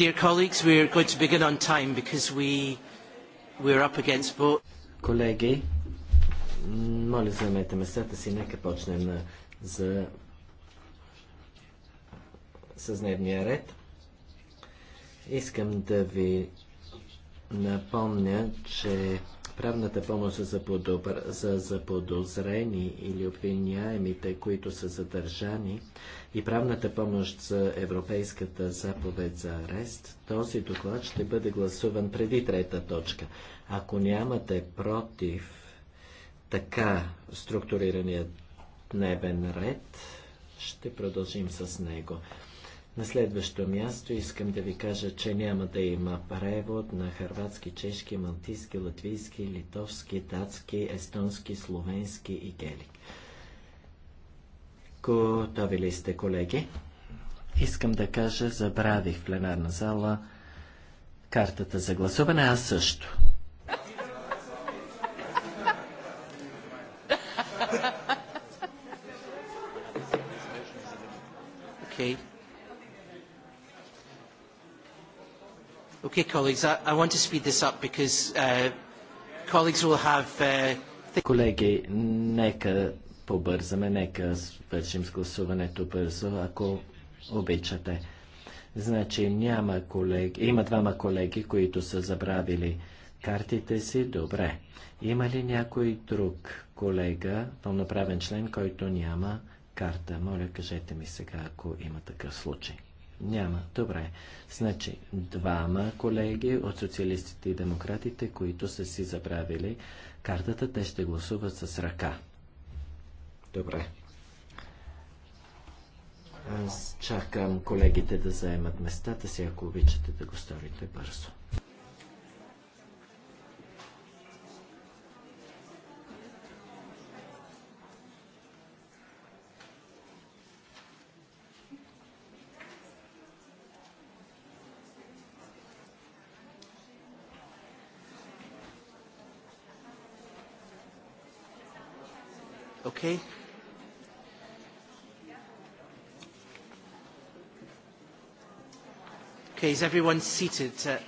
Dear colleagues, we're going to begin on time because we we're up against Колеги, моля заемете местата си, нека почнем за с дневния ред. Искам да ви напомня, че правната помощ за, подобр... за заподозрени или обвиняемите, които са задържани, и правната помощ за Европейската заповед за арест, този доклад ще бъде гласуван преди трета точка. Ако нямате против така структурирания дневен ред, ще продължим с него. На следващо място искам да ви кажа, че няма да има превод на хърватски, чешки, малтийски, латвийски, литовски, датски, естонски, словенски и гелик. Готови ли сте, колеги? Искам да кажа, забравих в пленарна зала картата за гласуване, аз също. Okay. Okay, colleagues, I, I want to speed this up because uh, colleagues will have... Uh, Колеги, нека побързаме, нека свършим с гласуването бързо, ако обичате. Значи няма колеги, има двама колеги, които са забравили картите си. Добре. Има ли някой друг колега, пълноправен член, който няма карта? Моля, кажете ми сега, ако има такъв случай. Няма. Добре. Значи, двама колеги от социалистите и демократите, които са си забравили картата, те ще гласуват с ръка. Добре. Аз чакам колегите да заемат местата си, ако обичате да го сторите бързо. is everyone seated? Uh,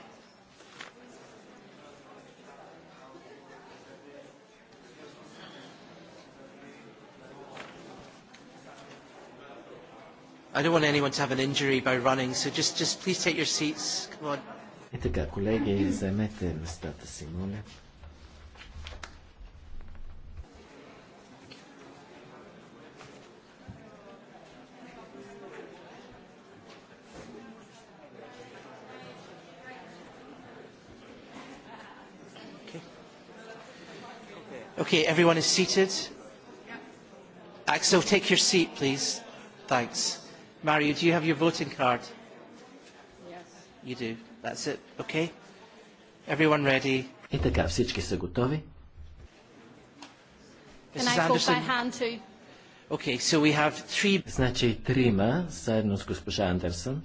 I don't want anyone to have an injury by running, so just, just please take your seats. Come on. Okay, everyone is seated. Axel, take your seat, please. Thanks. Mario, do you have your voting card? Yes. You do. That's it. Okay. Everyone ready? И така, всички са готови. Can I call by hand too? Okay, so we have three... Значи трима, заедно с госпожа Андерсон,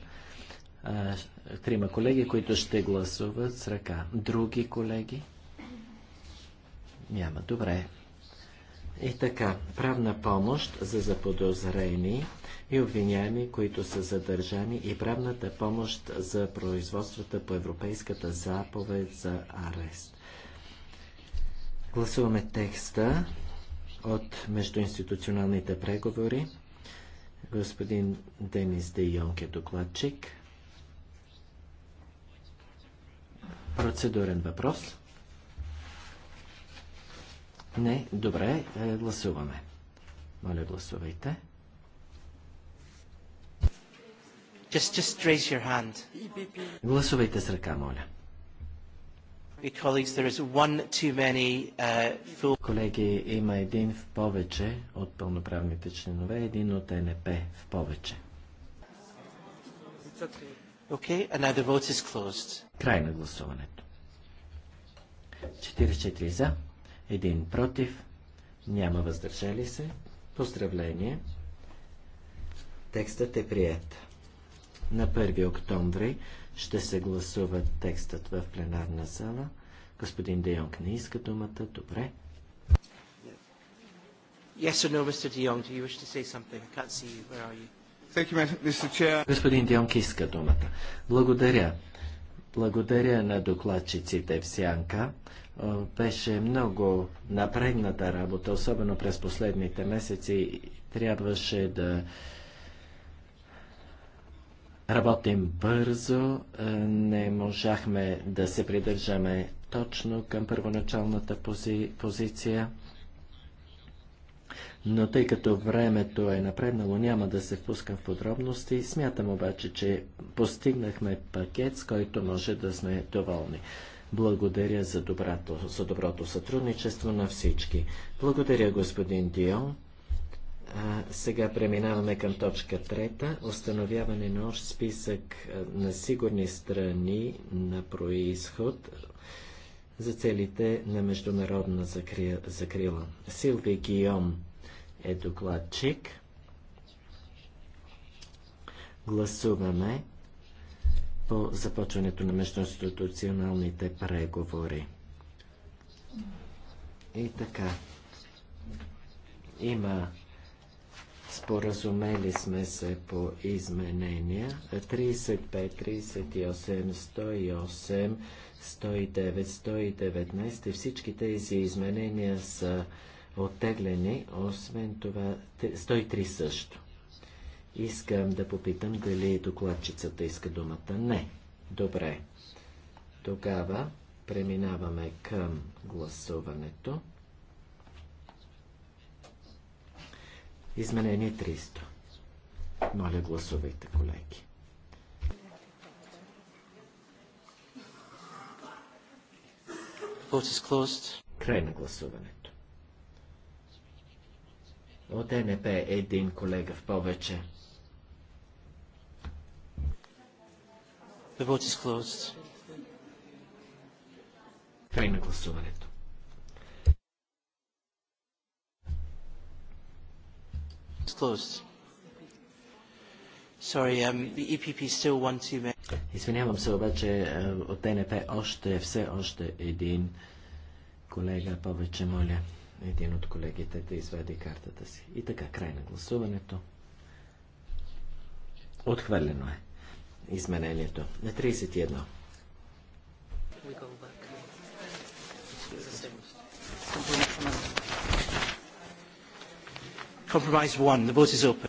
трима колеги, които ще гласуват с ръка. Други колеги? Няма. Добре. И така, правна помощ за заподозрени и обвиняеми, които са задържани и правната помощ за производствата по Европейската заповед за арест. Гласуваме текста от междуинституционалните преговори. Господин Денис Де Йонг е докладчик. Процедурен въпрос. Не, добре, е, гласуваме. Моля, гласувайте. Just, just raise your hand. Гласувайте с ръка, моля. there is one too many, uh, full... Колеги, има един в повече от пълноправните членове, един от НП в повече. Okay, and now the vote is closed. Край на гласуването. 44 за един против, няма въздържали се. Поздравление! Текстът е прият. На 1 октомври ще се гласува текстът в пленарна зала. Господин Де Йонг не иска думата. Добре. Yes or no, Mr. De Jong, do you wish to say something? I can't see you. Where are you? Thank you, Mr. Chair. Господин Де Йонг иска думата. Благодаря. Благодаря на докладчиците в Сянка. Е, беше много напрегната работа, особено през последните месеци. Трябваше да работим бързо. Е, не можахме да се придържаме точно към първоначалната пози... позиция но тъй като времето е напреднало, няма да се впускам в подробности. Смятам обаче, че постигнахме пакет, с който може да сме доволни. Благодаря за доброто, за доброто сътрудничество на всички. Благодаря, господин Дион. А, сега преминаваме към точка трета. Установяване на общ списък на сигурни страни на происход за целите на международна закри... закрила. Силви Гион е докладчик. Гласуваме по започването на междуинституционалните преговори. И така. Има споразумели сме се по изменения 35, 38, 108, 109, 119. Всички тези изменения са Оттегляне, освен това 103 също. Искам да попитам дали докладчицата иска думата. Не. Добре. Тогава преминаваме към гласуването. Изменение 300. Моля, гласувайте, колеги. Край на гласуването. От НП един колега в повече. The vote is closed. Край на гласуването. It's closed. Sorry, um, the EPP still Извинявам се, обаче е, от НП още, все още един колега повече, моля един от колегите да изведе картата си. И така, край на гласуването. Отхвърлено е изменението на 31.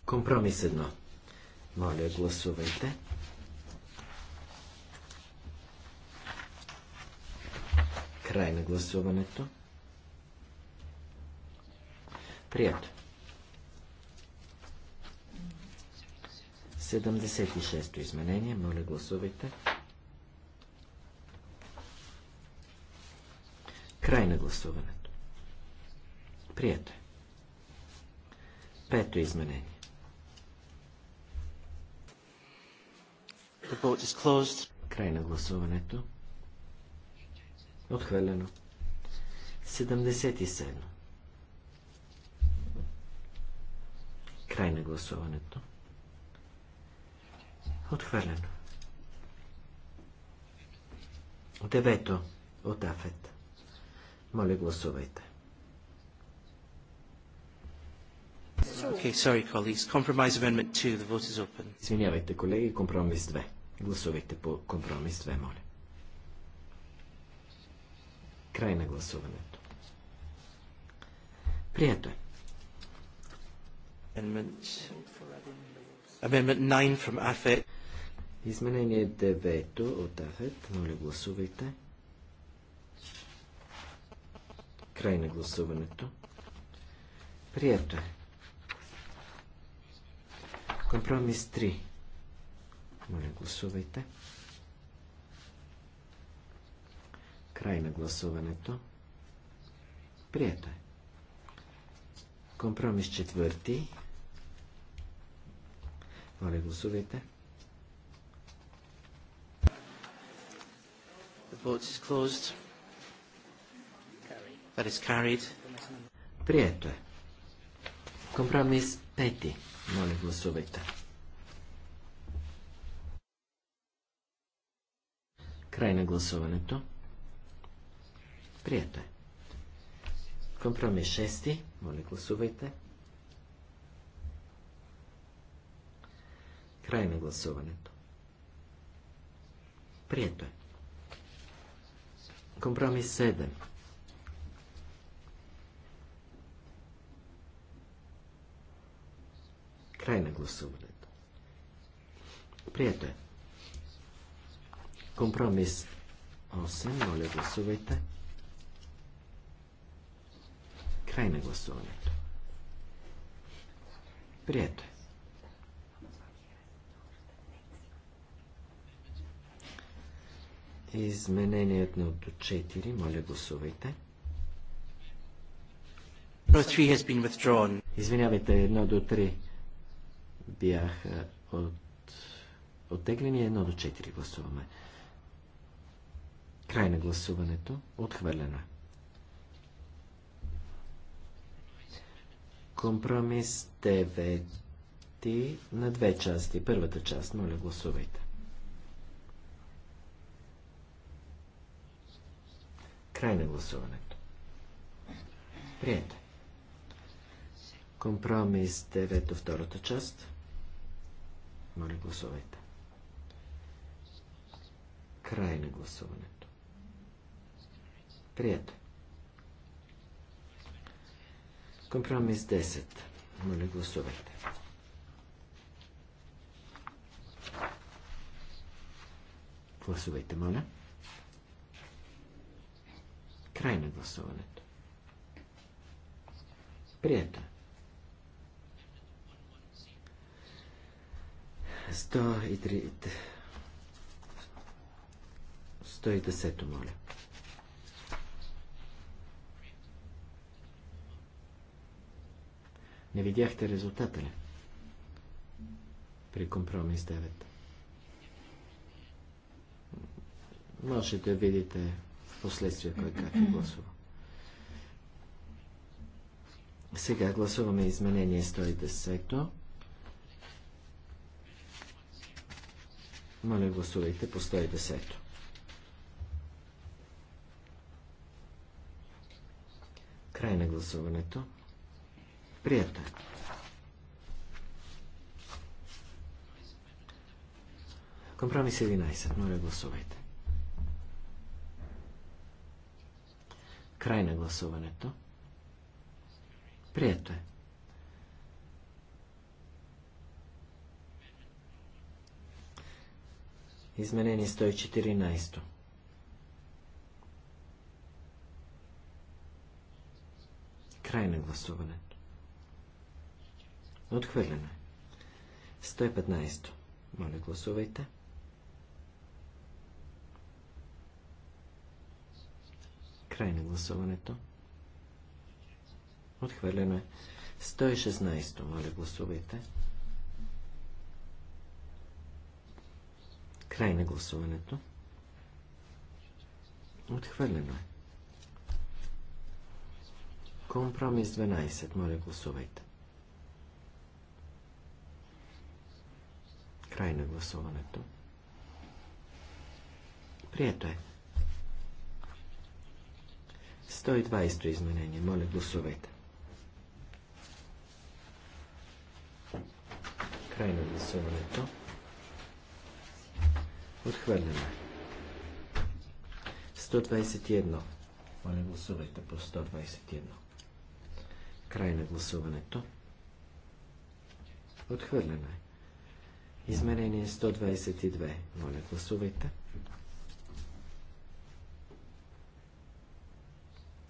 Компромис 1. Моля, гласувайте. Край на гласуването. Прието. 76-то изменение. Моля, гласувайте. Край на гласуването. Прието е. Пето изменение. Край на гласуването. Отхвърлено. 77. Край на гласуването. Отхвърлено. Девето от Афет. Моля, гласувайте. Okay, sorry, colleagues. Compromise Amendment 2. The vote is open. Извинявайте, колеги. Компромис 2. Гласувайте по компромис 2, моля. Край на гласуването. Прието е. Amendment, amendment 9 from AFET. Изменение 9 от АФЕТ. Моля, гласувайте. Край на гласуването. Прието е. Компромис 3. Моля, гласувайте. Край на гласуването. Прието е. Компромис 4. Моля, гласувайте. Прието е. Компромис пети. Моля, гласувайте. Край на гласуването. Прието е. Компромис шести. Моля, гласувайте. Край на гласуването. Прието е. Компромис 7. Край на гласуването. Прието е. Компромис 8. Моля, гласувайте. Край на гласуването. Прието е. Изменението до 4. Моля, гласувайте. Извинявайте, 1 до 3 бяха от... оттеглени. 1 до 4 гласуваме. Край на гласуването. Отхвърлено Компромис 9 на две части. Първата част, моля, гласувайте. Край на гласуването. Прието. Компромис 9 втората част. Моля, гласувайте. Край на гласуването. Прието. Компромис 10. Моля, гласувайте. Гласувайте, моля. Край на гласуването. Прието. 110-то, моля. Не видяхте резултата ли? При компромис 9. Можете да видите Последствия кой как е гласува. Сега гласуваме изменение 110. Моля, гласувайте по 110. Край на гласуването. Прието е. Компромис 11. Моля, гласувайте. Край на гласуването. Прието е. Изменение 114. Край на гласуването. Отхвърлено е. 115. Моля, гласувайте. 115. Край на гласуването. Отхвърлено е. 116. Моля, гласувайте. Край на гласуването. Отхвърлено е. Компромис 12. Моля, гласувайте. Край на гласуването. Прието е. 120 изменение. Моля, гласувайте. Край на гласуването. Отхвърляме. 121. Моля, гласувайте по 121. Край на гласуването. Отхвърляме. Изменение 122. Моля, гласувайте.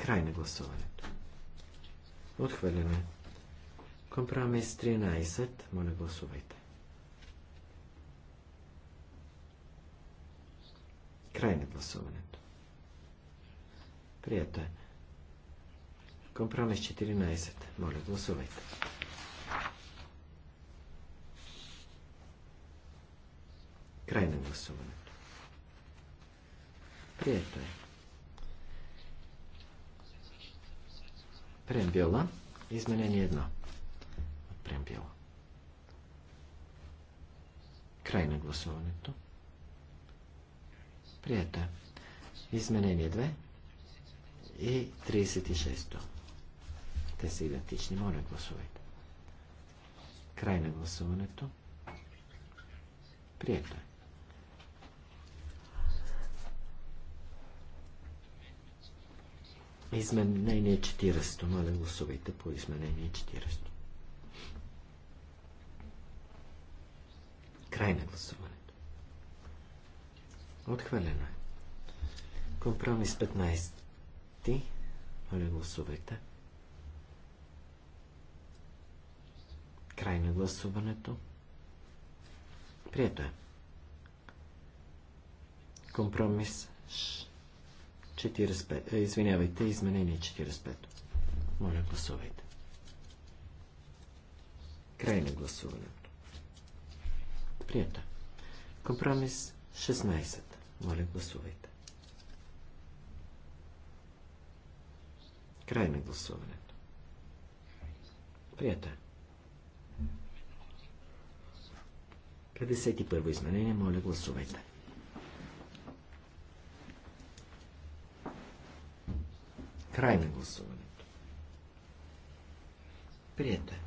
Край на гласуването. Отхвърляме. Компромис 13. Моля, гласувайте. Край на гласуването. Прието е. Компромис 14. Моля, гласувайте. Край на гласуването. Прието е. Преамбюла. Изменение едно. От преамбюла. Край на гласуването. Прието е. Изменение 2 и 36-то. Те са идентични. Моля, гласувайте. Край на гласуването. Прието е. Изменение 40. Моля, гласувайте по изменение 40. Край на гласуването. Отхвалено е. Компромис 15. ти. Моля, гласувайте. Край на гласуването. Прието е. Компромис 6. 45, е, извинявайте, изменение 45. Моля, гласувайте. Край на гласуването. Прията. Компромис 16. Моля, гласувайте. Край на гласуването. Прията. 51 е. изменение. Моля, гласувайте. Край на гласуването. Прието е.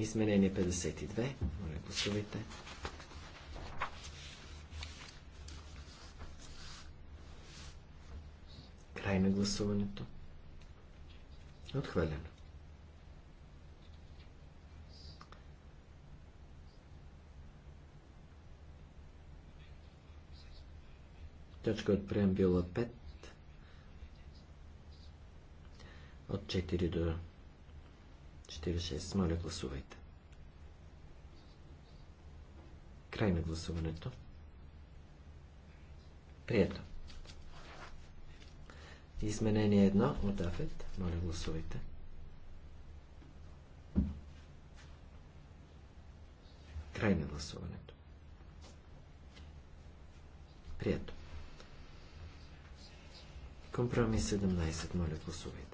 Изменение 52. Моля, гласувайте. Край на гласуването. Отхвърлено. Точка от преамбюла от 4 до 46. Моля, гласувайте. Край на гласуването. Прието. Изменение 1 от Афет. Моля, гласувайте. Край на гласуването. Прието. Компромис 17. Моля, гласувайте.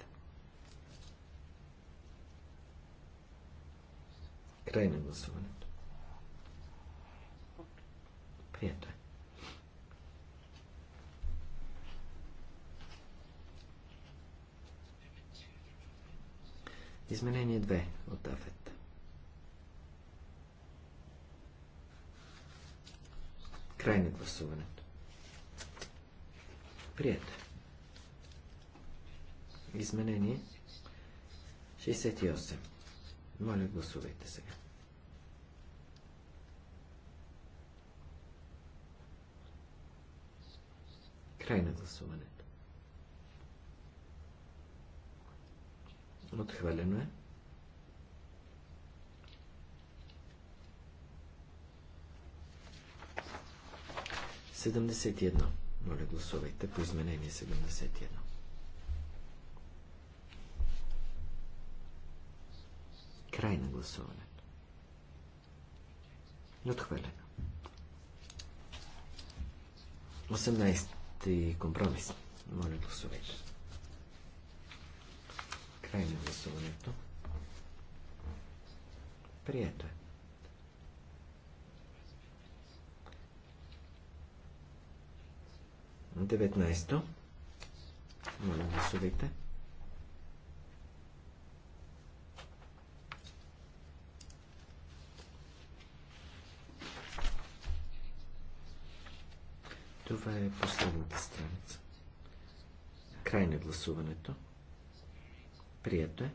Край на гласуването. Прието е. Изменение 2 от Афет. Край на гласуването. Прието. Е. Изменение 68. Моля, гласувайте сега. Край на гласуването. Отхвърлено е. Седемдесет едно. Моля, гласувайте по изменение 71. Край на гласуването. Отхвърлено. 18 и компромис. Моля, гласувайте. Край на гласуването. Прието е. Деветнайсто. Моля, гласувайте. Да Това е последната страница. Край на гласуването. Прието е.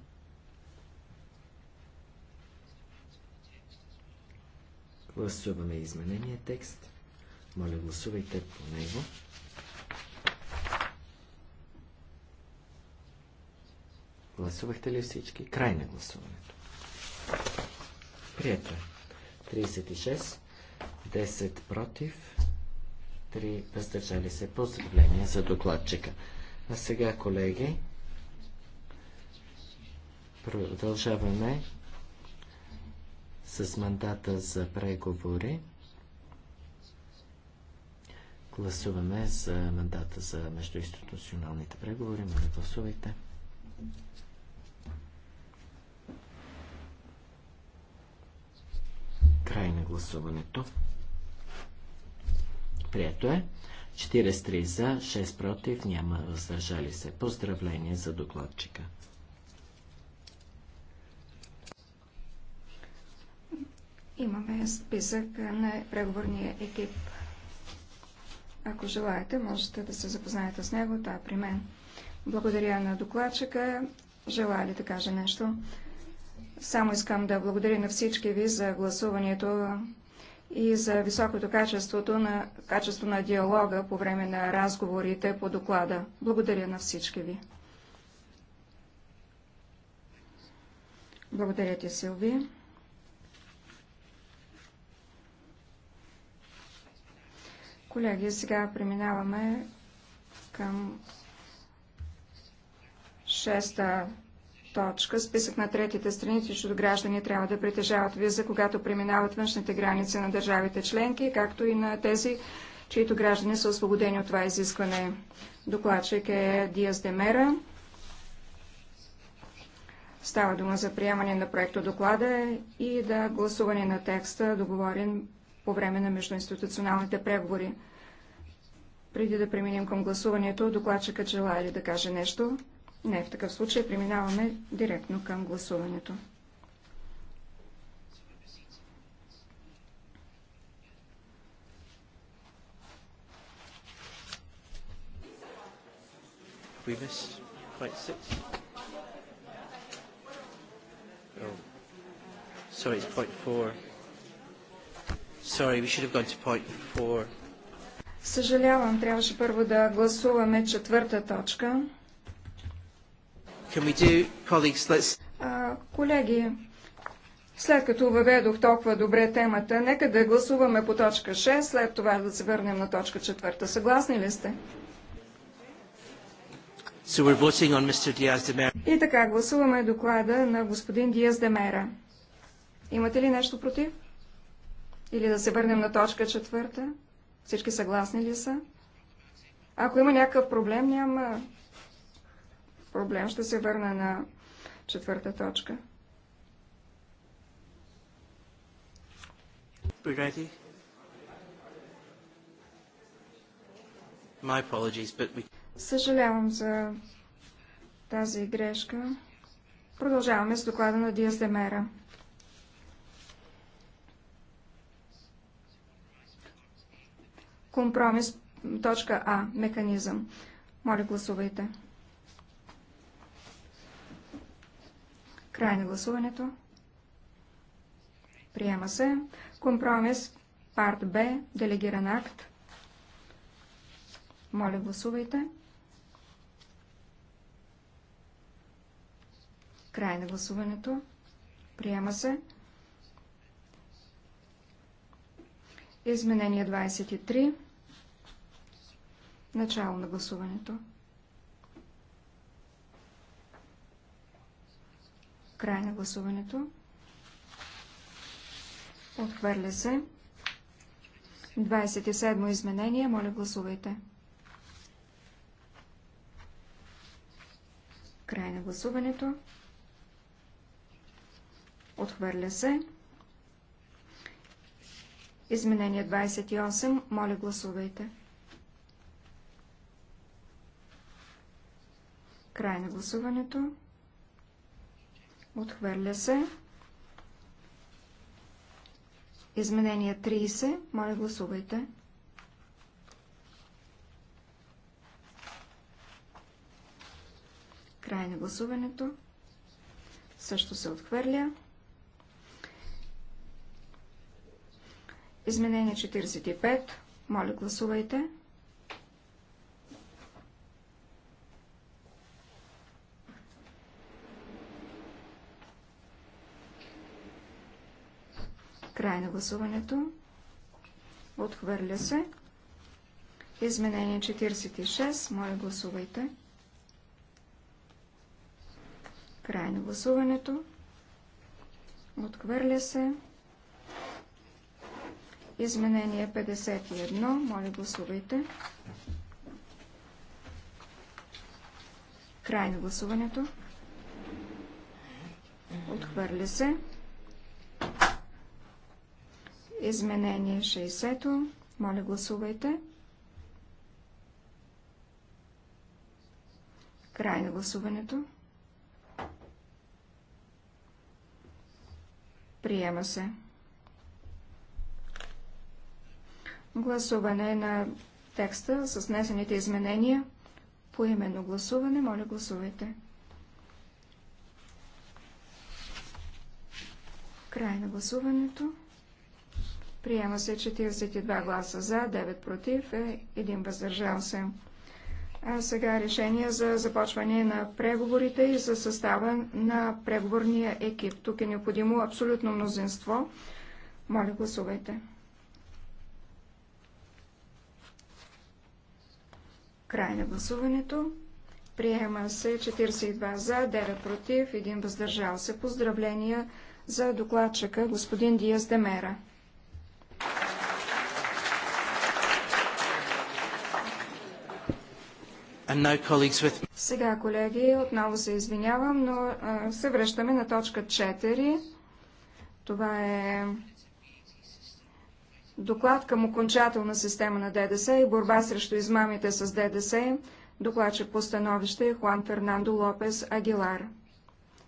Гласуваме изменения текст. Моля, гласувайте по него. Гласувахте ли всички? Край на гласуването. Прието е. 36, 10 против, Три въздържали се. Поздравления за докладчика. А сега, колеги, продължаваме с мандата за преговори. Гласуваме за мандата за междуинституционалните преговори. Моля, гласувайте. Край на гласуването. Прието е. 43 за, 6 против, няма въздържали се. Поздравление за докладчика. Имаме списък на преговорния екип. Ако желаете, можете да се запознаете с него. Това е при мен. Благодаря на докладчика. Желая ли да кажа нещо? Само искам да благодаря на всички ви за гласуването и за високото качеството на, качество на диалога по време на разговорите по доклада. Благодаря на всички ви. Благодаря ти, Силви. Колеги, сега преминаваме към шеста точка. Списък на третите страни, чието граждани трябва да притежават виза, когато преминават външните граници на държавите членки, както и на тези, чието граждани са освободени от това изискване. Докладчик е Диас Демера. Става дума за приемане на проекта доклада и да гласуване на текста, договорен по време на междуинституционалните преговори. Преди да преминем към гласуването, докладчикът желая ли да каже нещо? Не, в такъв случай преминаваме директно към гласуването. We missed quite six. Oh. Sorry, it's point four. Sorry, we should have gone to point four. Съжалявам, трябваше първо да гласуваме четвърта точка колеги, след като въведох толкова добре темата, нека да гласуваме по точка 6, след това да се върнем на точка 4. Съгласни ли сте? So we're voting on Mr. Diaz de Mera. И така, гласуваме доклада на господин Диаз Демера. Имате ли нещо против? Или да се върнем на точка четвърта? Всички съгласни ли са? Ако има някакъв проблем, няма проблем. Ще се върна на четвърта точка. Brigetti? My apologies, but we... Съжалявам за тази грешка. Продължаваме с доклада на Диас Демера. Компромис точка А. Механизъм. Моля, гласувайте. Край на гласуването. Приема се. Компромис. Парт Б. Делегиран акт. Моля, гласувайте. Край на гласуването. Приема се. Изменение 23. Начало на гласуването. Край на гласуването. Отхвърля се. 27 изменение. Моля, гласувайте. Край на гласуването. Отхвърля се. Изменение 28. Моля, гласувайте. Край на гласуването. Отхвърля се. Изменение 30. Моля, гласувайте. Край на гласуването. Също се отхвърля. Изменение 45. Моля, гласувайте. Край на гласуването. Отхвърля се. Изменение 46. Моля, гласувайте. Край на гласуването. Отхвърля се. Изменение 51. Моля, гласувайте. Край на гласуването. Отхвърля се. Изменение 60-то. Моля, гласувайте. Край на гласуването. Приема се. Гласуване на текста с внесените изменения. По именно гласуване, моля гласувайте. Край на гласуването. Приема се 42 гласа за, 9 против, 1 е, въздържал се. А сега решение за започване на преговорите и за състава на преговорния екип. Тук е необходимо абсолютно мнозинство. Моля, гласувайте. Край на гласуването. Приема се 42 за, 9 против, 1 въздържал се. Поздравления за докладчика господин Диас Демера. Сега, колеги, отново се извинявам, но а, се връщаме на точка 4. Това е доклад към окончателна система на ДДС и борба срещу измамите с ДДС. Докладче по становище е Хуан Фернандо Лопес Агилар.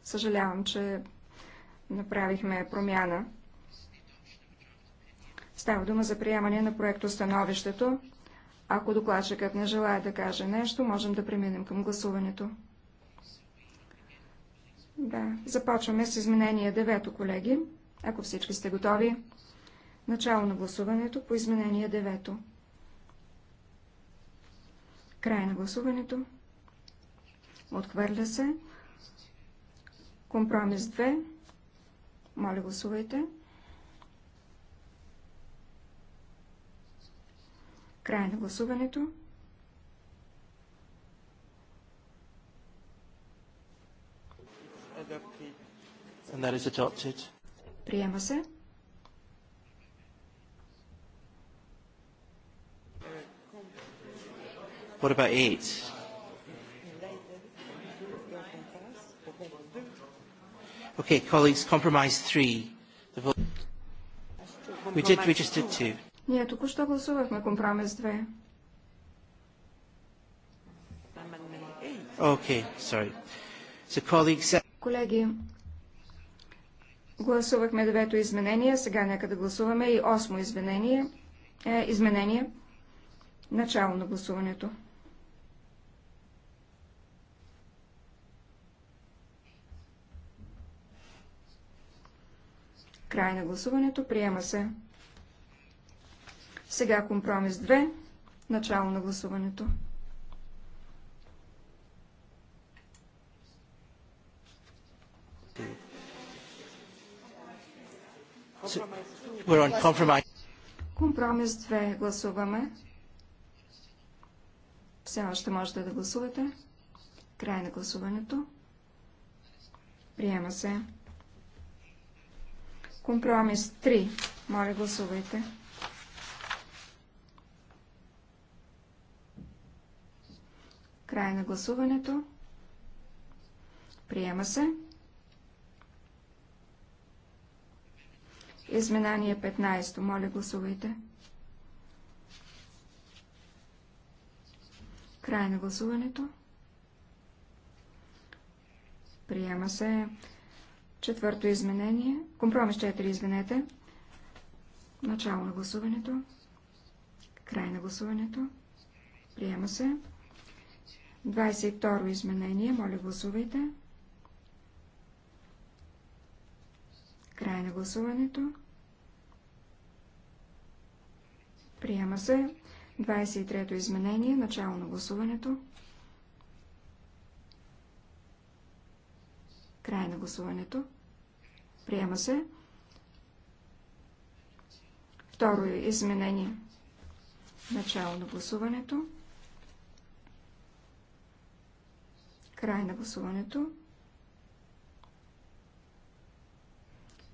Съжалявам, че направихме промяна. Става дума за приемане на проекто становището. Ако докладчикът не желая да каже нещо, можем да преминем към гласуването. Да, започваме с изменение 9, колеги, ако всички сте готови. Начало на гласуването по изменение 9. Край на гласуването. Отхвърля се. Компромис 2. Моля, гласувайте. Край на гласуването. Приема се. What about eight? Okay, colleagues, compromise three. The vote. We did. We just did two. Ние току-що гласувахме компромис 2. Okay, sorry. So, colleagues... Uh, Колеги, гласувахме девето изменение, сега нека да гласуваме и осмо изменение, е, изменение, начало на гласуването. Край на гласуването приема се. Сега компромис 2. Начало на гласуването. Компромис 2 гласуваме. Все още можете да гласувате. Край на гласуването. Приема се. Компромис 3. Моля гласувайте. Край на гласуването. Приема се. Изменание 15. Моля, гласувайте. Край на гласуването. Приема се четвърто изменение. Компромис 4, извинете. Начало на гласуването. Край на гласуването. Приема се. 22 изменение. Моля, гласувайте. Край на гласуването. Приема се 23-то изменение, начало на гласуването. Край на гласуването. Приема се. Второ изменение. Начало на гласуването. Край на гласуването.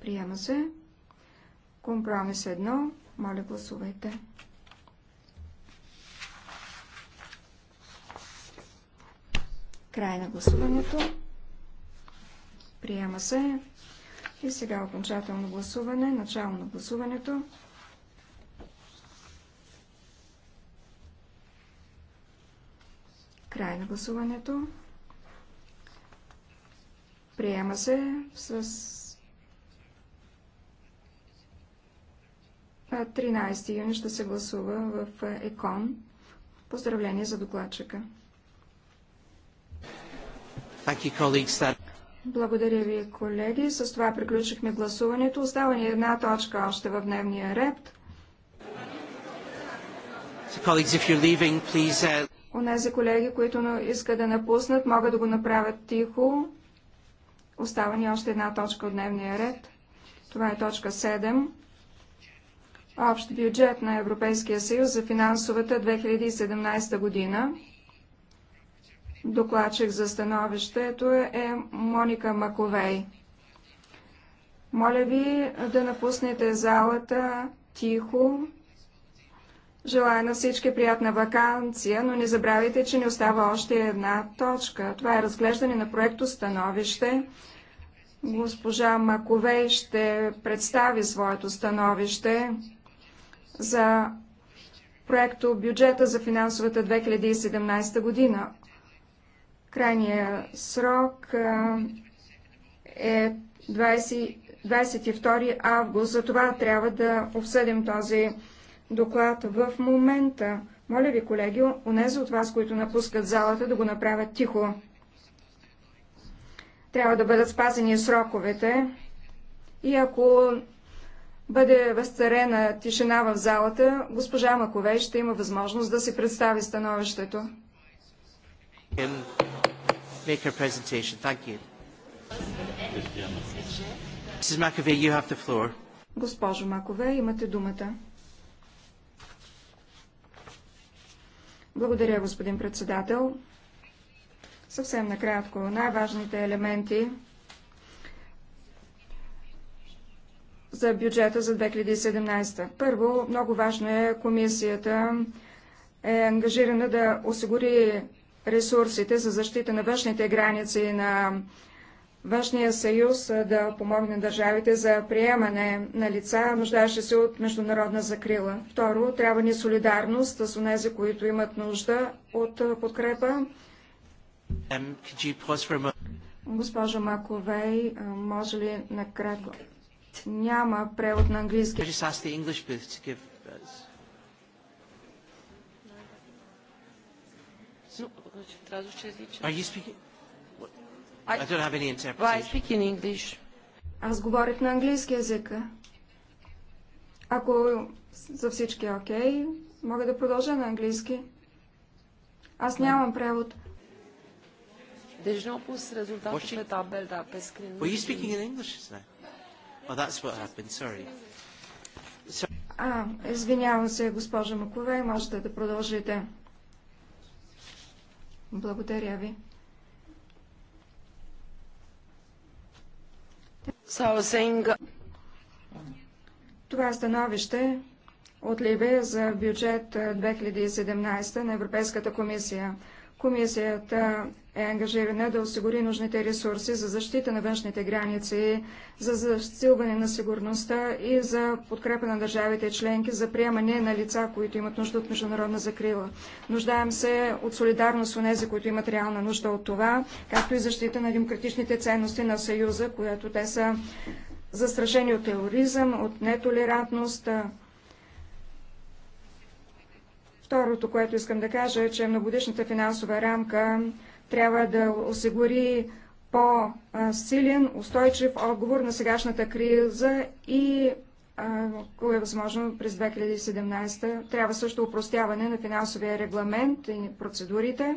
Приема се. Компромис 1. Моля, гласувайте. Край на гласуването. Приема се. И сега окончателно гласуване, начало на гласуването. Край на гласуването. Приема се с 13 юни ще се гласува в ЕКОН. Поздравление за докладчика. Благодаря ви, колеги. С това приключихме гласуването. Остава ни една точка още в дневния ред. Uh, Онези колеги, които искат да напуснат, могат да го направят тихо. Остава ни още една точка от дневния ред. Това е точка 7. Общ бюджет на Европейския съюз за финансовата 2017 година. Докладчик за становището е, е Моника Маковей. Моля ви да напуснете залата тихо, Желая на всички приятна вакансия, но не забравяйте, че не остава още една точка. Това е разглеждане на проекто становище. Госпожа Маковей ще представи своето становище за проекто бюджета за финансовата 2017 година. Крайният срок е 20, 22 август, затова трябва да обсъдим този доклад в момента. Моля ви, колеги, унези от вас, които напускат залата, да го направят тихо. Трябва да бъдат спазени сроковете и ако бъде възцарена тишина в залата, госпожа Маковей ще има възможност да си представи становището. Госпожо Макове, имате думата. Благодаря, господин председател. Съвсем накратко, най-важните елементи за бюджета за 2017. Първо, много важно е комисията е ангажирана да осигури ресурсите за защита на външните граници на Външния съюз да помогне държавите за приемане на лица, нуждащи се от международна закрила. Второ, трябва ни солидарност с онези, които имат нужда от подкрепа. Госпожо Маковей, може ли накратко? Няма превод на английски. Are you speaking? Аз говорих на английски язик. Ако за всички е окей, мога да продължа на английски. Аз нямам превод. А, извинявам се, госпожа Макове, можете да продължите. Благодаря ви. Uh, Това становище от Либия за бюджет 2017 е, на Европейската комисия. Комисията е ангажирана да осигури нужните ресурси за защита на външните граници, за засилване на сигурността и за подкрепа на държавите членки за приемане на лица, които имат нужда от международна закрила. Нуждаем се от солидарност у нези, които имат реална нужда от това, както и защита на демократичните ценности на Съюза, която те са застрашени от тероризъм, от нетолерантност, Второто, което искам да кажа е, че многодишната финансова рамка трябва да осигури по-силен, устойчив отговор на сегашната криза и ако е възможно през 2017. Трябва също упростяване на финансовия регламент и процедурите.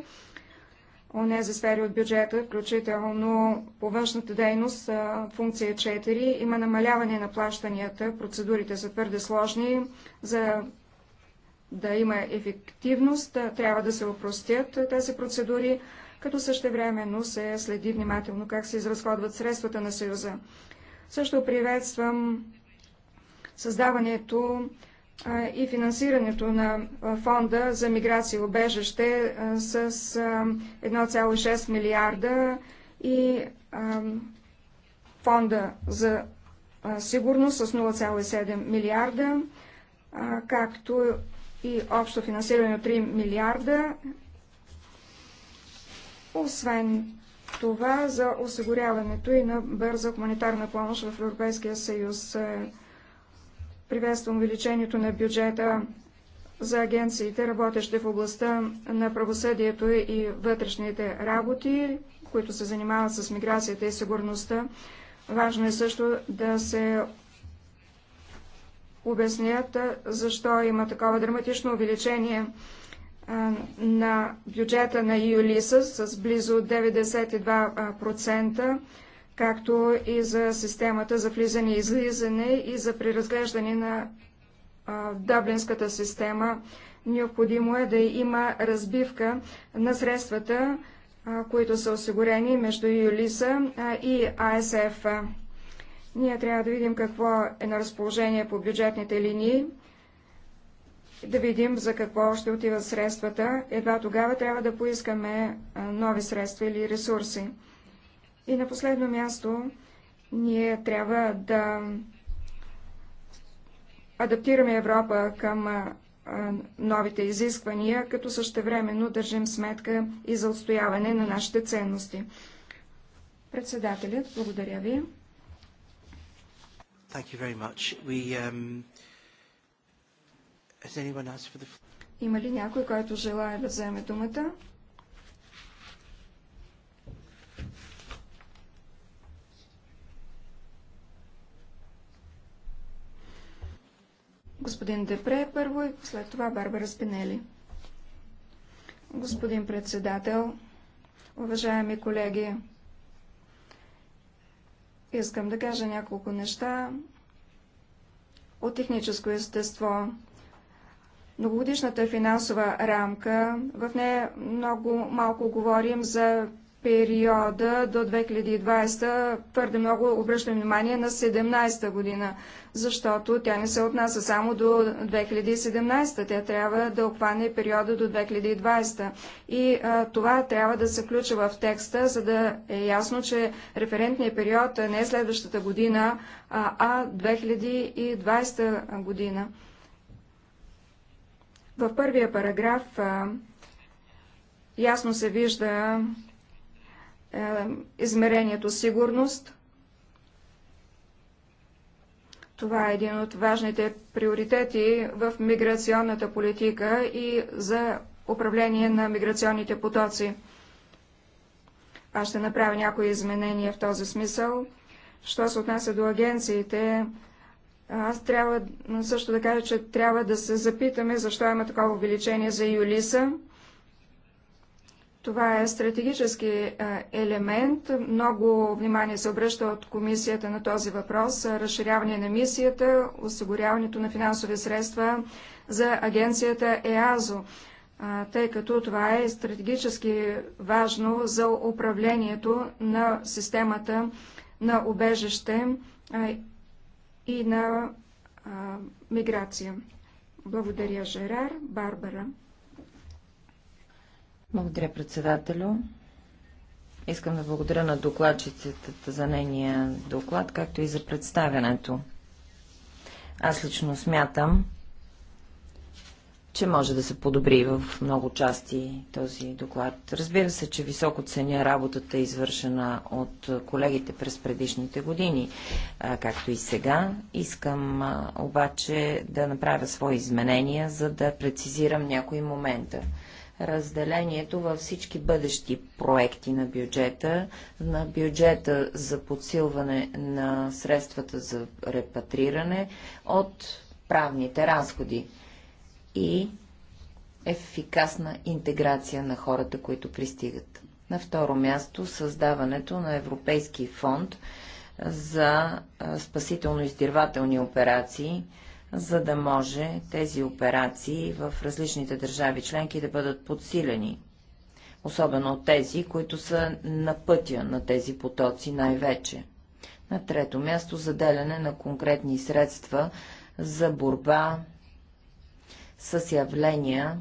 за сфери от бюджета, включително по външната дейност, функция 4, има намаляване на плащанията, процедурите са твърде сложни за да има ефективност, трябва да се опростят тези процедури, като същевременно се следи внимателно как се изразходват средствата на Съюза. Също приветствам създаването и финансирането на фонда за миграция и обежаще с 1,6 милиарда и фонда за сигурност с 0,7 милиарда, както и общо финансиране от 3 милиарда. Освен това за осигуряването и на бърза хуманитарна помощ в Европейския съюз. Е, приветствам увеличението на бюджета за агенциите, работещи в областта на правосъдието и вътрешните работи, които се занимават с миграцията и сигурността. Важно е също да се обяснят защо има такова драматично увеличение на бюджета на Юлиса с близо 92%, както и за системата за влизане и излизане и за преразглеждане на Дъблинската система. Необходимо е да има разбивка на средствата, които са осигурени между Юлиса и АСФ. Ние трябва да видим какво е на разположение по бюджетните линии, да видим за какво ще отиват средствата. Едва тогава трябва да поискаме нови средства или ресурси. И на последно място, ние трябва да адаптираме Европа към новите изисквания, като същевременно държим сметка и за отстояване на нашите ценности. Председателят, благодаря ви. Thank you very much. We, um, has anyone asked for the Има ли някой, който желая да вземе думата? Господин Депре първо и след това Барбара Спинели. Господин председател, уважаеми колеги, Искам да кажа няколко неща от техническо естество. Многогодишната финансова рамка, в нея много малко говорим за периода до 2020 твърде много обръщам внимание на 17-та година, защото тя не се отнася само до 2017, тя трябва да обхване периода до 2020. И а, това трябва да се включи в текста, за да е ясно, че референтният период не е следващата година, а, а 2020 година. В първия параграф а, ясно се вижда, измерението сигурност. Това е един от важните приоритети в миграционната политика и за управление на миграционните потоци. Аз ще направя някои изменения в този смисъл. Що се отнася до агенциите, аз трябва също да кажа, че трябва да се запитаме защо има такова увеличение за Юлиса. Това е стратегически елемент. Много внимание се обръща от комисията на този въпрос. Разширяване на мисията, осигуряването на финансови средства за агенцията ЕАЗО, тъй като това е стратегически важно за управлението на системата на обежище и на миграция. Благодаря, Жерар. Барбара. Благодаря, председателю. Искам да благодаря на докладчицата за нейния доклад, както и за представянето. Аз лично смятам, че може да се подобри в много части този доклад. Разбира се, че високо ценя работата, извършена от колегите през предишните години, както и сега. Искам обаче да направя свои изменения, за да прецизирам някои момента разделението във всички бъдещи проекти на бюджета, на бюджета за подсилване на средствата за репатриране от правните разходи и ефикасна интеграция на хората, които пристигат. На второ място създаването на Европейски фонд за спасително-издирвателни операции, за да може тези операции в различните държави членки да бъдат подсилени. Особено от тези, които са на пътя на тези потоци най-вече. На трето място заделяне на конкретни средства за борба с явления,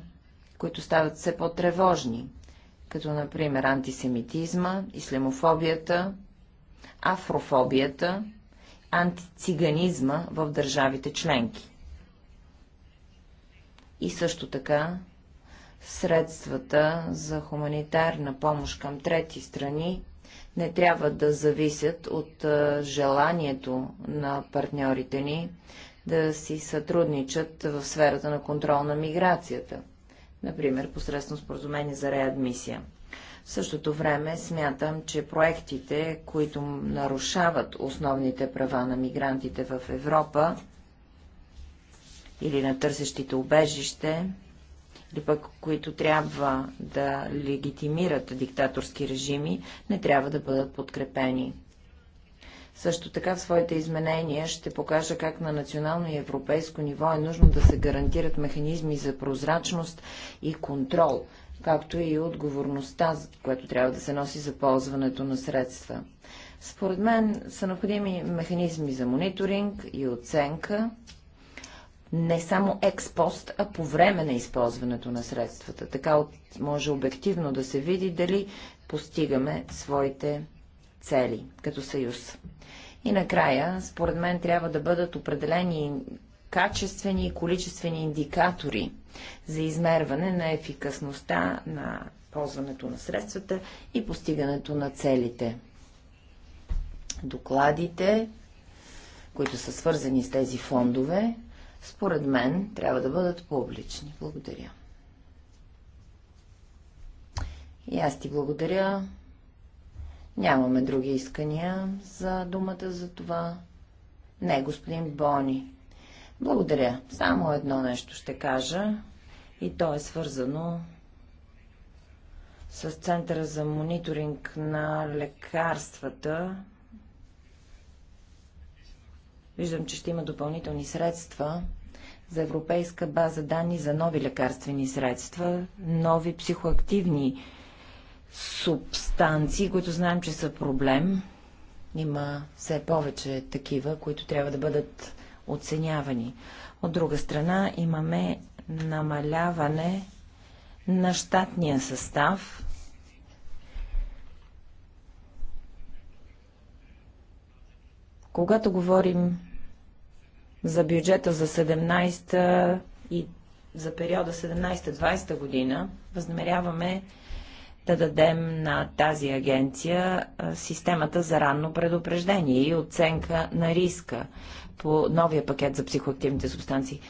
които стават все по-тревожни, като например антисемитизма, ислемофобията, афрофобията антициганизма в държавите членки. И също така средствата за хуманитарна помощ към трети страни не трябва да зависят от желанието на партньорите ни да си сътрудничат в сферата на контрол на миграцията, например посредством споразумение за реадмисия. В същото време смятам, че проектите, които нарушават основните права на мигрантите в Европа или на търсещите убежище, или пък които трябва да легитимират диктаторски режими, не трябва да бъдат подкрепени. Също така в своите изменения ще покажа как на национално и европейско ниво е нужно да се гарантират механизми за прозрачност и контрол както и отговорността, която трябва да се носи за ползването на средства. Според мен са необходими механизми за мониторинг и оценка, не само експост, а по време на използването на средствата. Така може обективно да се види дали постигаме своите цели като съюз. И накрая, според мен, трябва да бъдат определени качествени и количествени индикатори за измерване на ефикасността на ползването на средствата и постигането на целите. Докладите, които са свързани с тези фондове, според мен трябва да бъдат публични. Благодаря. И аз ти благодаря. Нямаме други искания за думата за това. Не, господин Бони. Благодаря. Само едно нещо ще кажа и то е свързано с Центъра за мониторинг на лекарствата. Виждам, че ще има допълнителни средства за европейска база данни за нови лекарствени средства, нови психоактивни субстанции, които знаем, че са проблем. Има все повече такива, които трябва да бъдат оценявани. От друга страна имаме намаляване на щатния състав, Когато говорим за бюджета за 17 и за периода 17-20 година, възнамеряваме да дадем на тази агенция системата за ранно предупреждение и оценка на риска по новия пакет за психоактивните субстанции.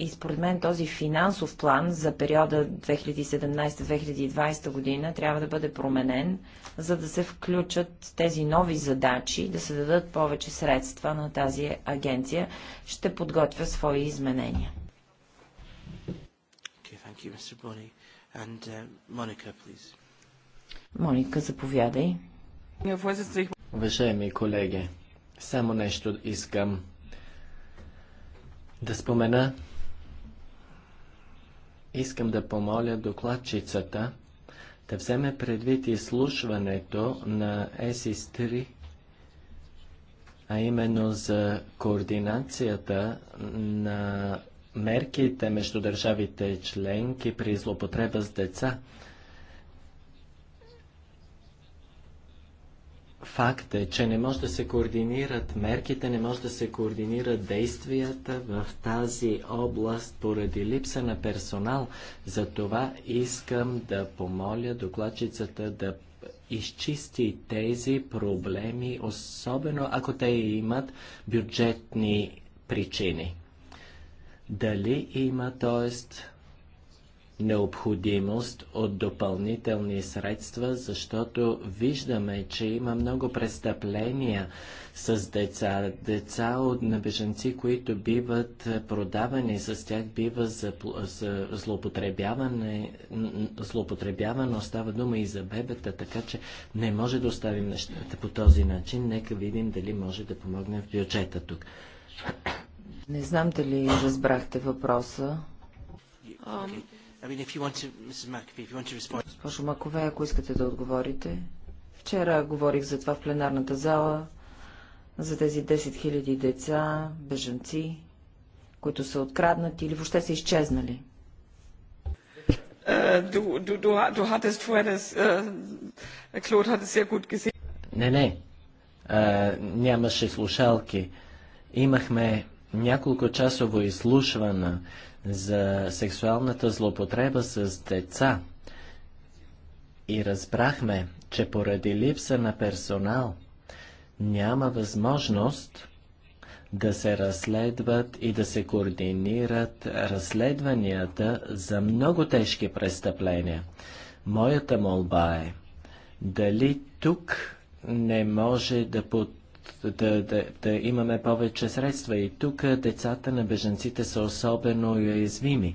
И според мен този финансов план за периода 2017-2020 година трябва да бъде променен, за да се включат тези нови задачи, да се дадат повече средства на тази агенция. Ще подготвя свои изменения. Okay, thank you, Mr. And uh, Monica, please. Моника, заповядай. Уважаеми колеги, само нещо искам да спомена. Искам да помоля докладчицата да вземе предвид изслушването на ЕСИС-3, а именно за координацията на мерките между държавите членки при злопотреба с деца. Факт е, че не може да се координират мерките, не може да се координират действията в тази област поради липса на персонал. Затова искам да помоля докладчицата да изчисти тези проблеми, особено ако те имат бюджетни причини. Дали има, т.е необходимост от допълнителни средства, защото виждаме, че има много престъпления с деца. Деца от на беженци, които биват продавани, с тях бива за, за злоупотребяване, злоупотребявано. Става дума и за бебета, така че не може да оставим нещата по този начин. Нека видим дали може да помогнем в бюджета тук. Не знам дали разбрахте въпроса. Um, Госпожо Макове, ако искате да отговорите. Вчера говорих за това в пленарната зала, за тези 10 000 деца, бежанци, които са откраднати или въобще са изчезнали. Е, е, не, не. А, е, нямаше слушалки. Имахме няколко часово изслушване за сексуалната злоупотреба с деца и разбрахме, че поради липса на персонал няма възможност да се разследват и да се координират разследванията за много тежки престъпления. Моята молба е дали тук не може да, под, да, да, да имаме повече средства. И тук децата на беженците са особено уязвими.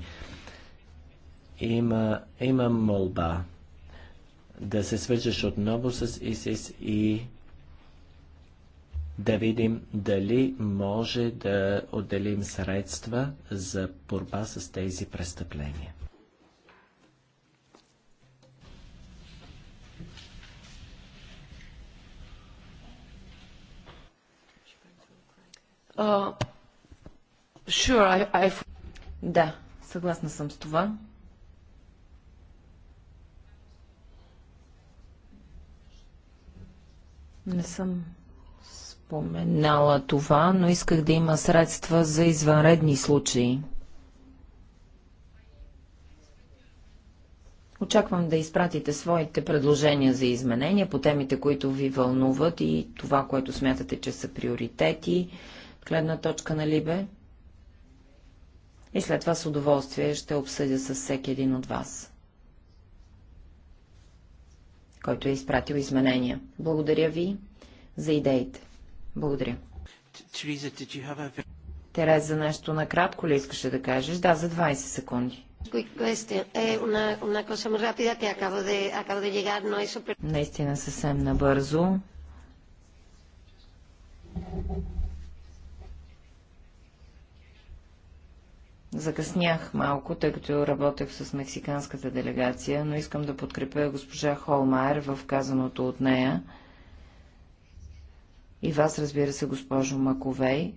Има, има молба да се свържеш отново с ИСИС и да видим дали може да отделим средства за борба с тези престъпления. Uh, sure, I, Да, съгласна съм с това. Не съм споменала това, но исках да има средства за извънредни случаи. Очаквам да изпратите своите предложения за изменения по темите, които ви вълнуват и това, което смятате, че са приоритети гледна точка на Либе. И след това с удоволствие ще обсъдя с всеки един от вас, който е изпратил изменения. Благодаря ви за идеите. Благодаря. Тереза, нещо накратко ли искаше да кажеш? Да, за 20 секунди. Наистина съвсем набързо. Закъснях малко, тъй като работех с мексиканската делегация, но искам да подкрепя госпожа Холмайер в казаното от нея. И вас, разбира се, госпожо Маковей.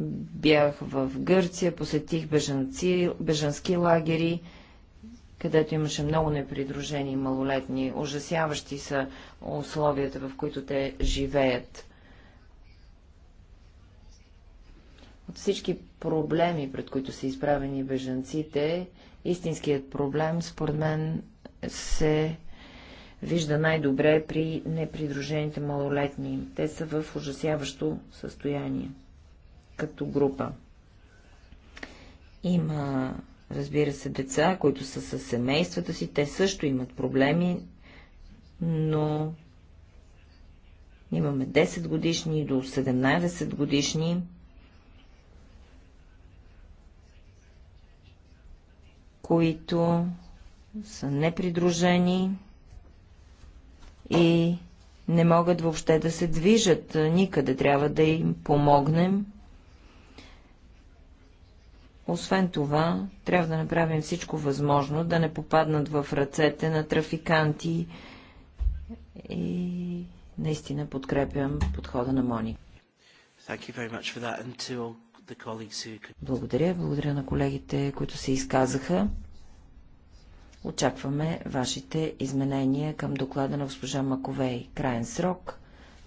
Бях в Гърция, посетих бежанци, бежански лагери, където имаше много непридружени малолетни. Ужасяващи са условията, в които те живеят. От всички проблеми, пред които са изправени бежанците, истинският проблем, според мен, се вижда най-добре при непридружените малолетни. Те са в ужасяващо състояние като група. Има, разбира се, деца, които са със семействата си. Те също имат проблеми, но имаме 10 годишни до 17 годишни, които са непридружени и не могат въобще да се движат никъде. Трябва да им помогнем. Освен това, трябва да направим всичко възможно да не попаднат в ръцете на трафиканти и наистина подкрепям подхода на Мони. Thank you very much for that and to all благодаря. Благодаря на колегите, които се изказаха. Очакваме вашите изменения към доклада на госпожа Маковей. Краен срок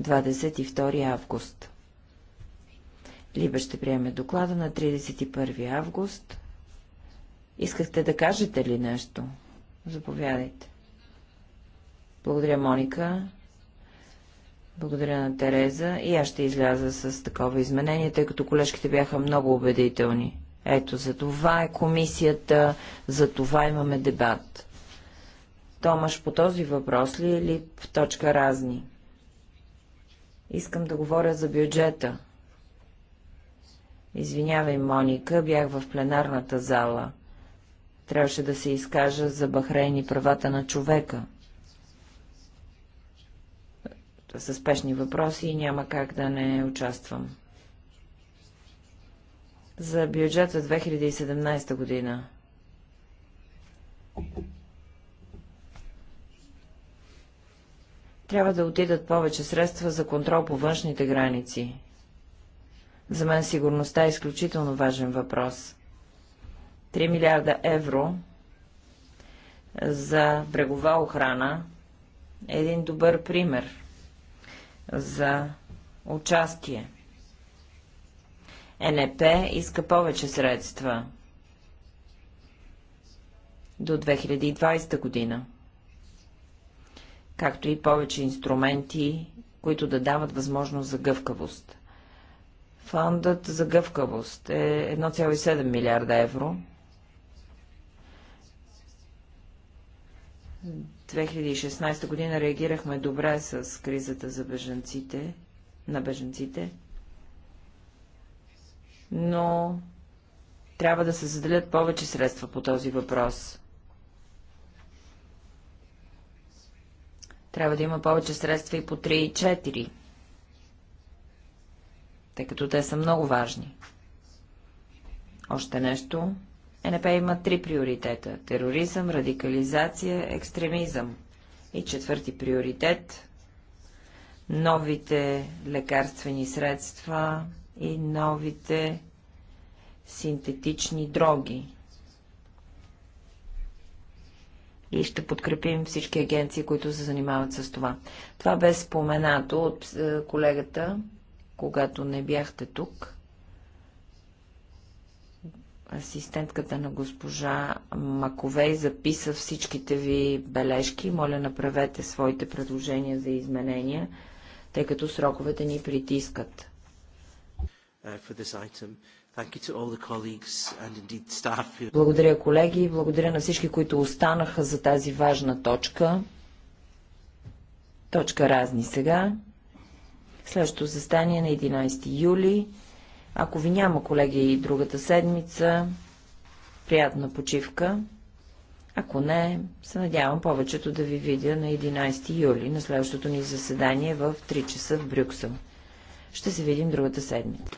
22 август. Либе ще приеме доклада на 31 август. Искахте да кажете ли нещо? Заповядайте. Благодаря, Моника. Благодаря на Тереза. И аз ще изляза с такова изменение, тъй като колежките бяха много убедителни. Ето, за това е комисията, за това имаме дебат. Томаш, по този въпрос ли или е в точка разни? Искам да говоря за бюджета. Извинявай, Моника, бях в пленарната зала. Трябваше да се изкажа за Бахрейни правата на човека са спешни въпроси и няма как да не участвам. За бюджета 2017 година. Трябва да отидат повече средства за контрол по външните граници. За мен сигурността е изключително важен въпрос. 3 милиарда евро за брегова охрана е един добър пример – за участие. НП иска повече средства до 2020 година, както и повече инструменти, които да дават възможност за гъвкавост. Фондът за гъвкавост е 1,7 милиарда евро. 2016 година реагирахме добре с кризата за беженците, на беженците, но трябва да се заделят повече средства по този въпрос. Трябва да има повече средства и по 3 и 4, тъй като те са много важни. Още нещо НП има три приоритета – тероризъм, радикализация, екстремизъм. И четвърти приоритет – новите лекарствени средства и новите синтетични дроги. И ще подкрепим всички агенции, които се занимават с това. Това бе споменато от е, колегата, когато не бяхте тук асистентката на госпожа Маковей записа всичките ви бележки. Моля, направете своите предложения за изменения, тъй като сроковете ни притискат. Uh, Благодаря, колеги. Благодаря на всички, които останаха за тази важна точка. Точка разни сега. Следващото застание е на 11 юли. Ако ви няма, колеги, и другата седмица, приятна почивка. Ако не, се надявам повечето да ви видя на 11 юли, на следващото ни заседание в 3 часа в Брюксел. Ще се видим другата седмица.